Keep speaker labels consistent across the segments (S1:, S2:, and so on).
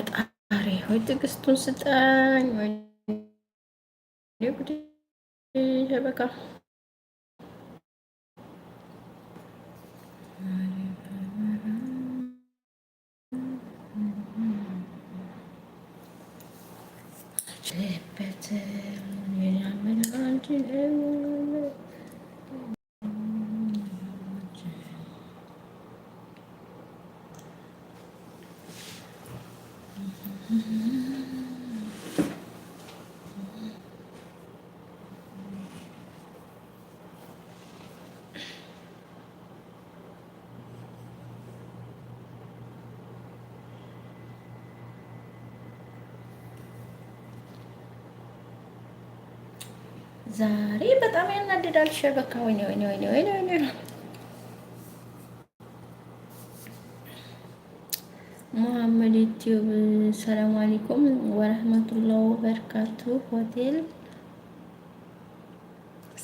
S1: ፈጣሪ ሆይ ትዕግስቱን ስጠኝ። በቃ በት ዛሬ በጣም ያናድዳል። ሸበካ ወይኔ ወይኔ ወይኔ ወይኔ ወይኔ መሐመድ ዩቲዩብ ሰላም አለይኩም ወረህመቱላሁ ወበረካቱ። ሆቴል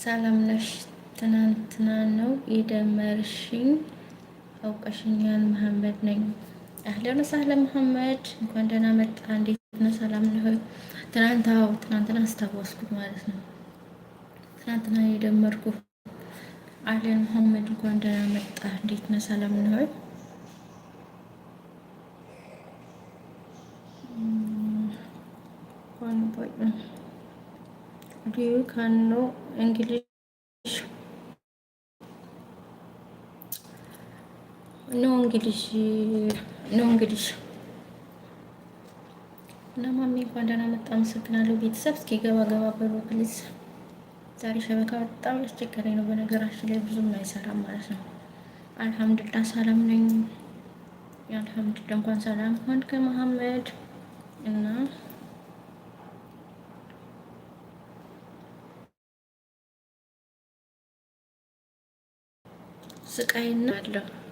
S1: ሰላም ነሽ? ትናንትና ነው የደመርሽኝ። አውቀሽኛል። መሐመድ ነኝ። አህለን ወሰህለን መሐመድ፣ እንኳን ደህና መጣ። እንዴት ነው? ሰላም ነው? ትናንት ትናንትና አስታወስኩት ማለት ነው ትናንትና የደመርኩ አሊያን መሐመድ እንኳን ደህና መጣ። እንዴት ነህ? ሰላም ነው? ዱ ዩ ካን ኖ እንግሊሽ? ኖ እንግሊሽ፣ ኖ እንግሊሽ። እና ማሚ እንኳን ደህና መጣ። አመሰግናለሁ። ቤተሰብ እስኪ ገባ ገባ በሉ ፕሊዝ። ዛሬ ሸበካ በጣም ያስቸገረኝ ነው። በነገራችን ላይ ብዙም አይሰራም ማለት ነው። አልሐምዱላ ሰላም ነኝ። የአልሐምዱላ እንኳን ሰላም ሆንክ መሐመድ እና ስቃይና አለሁ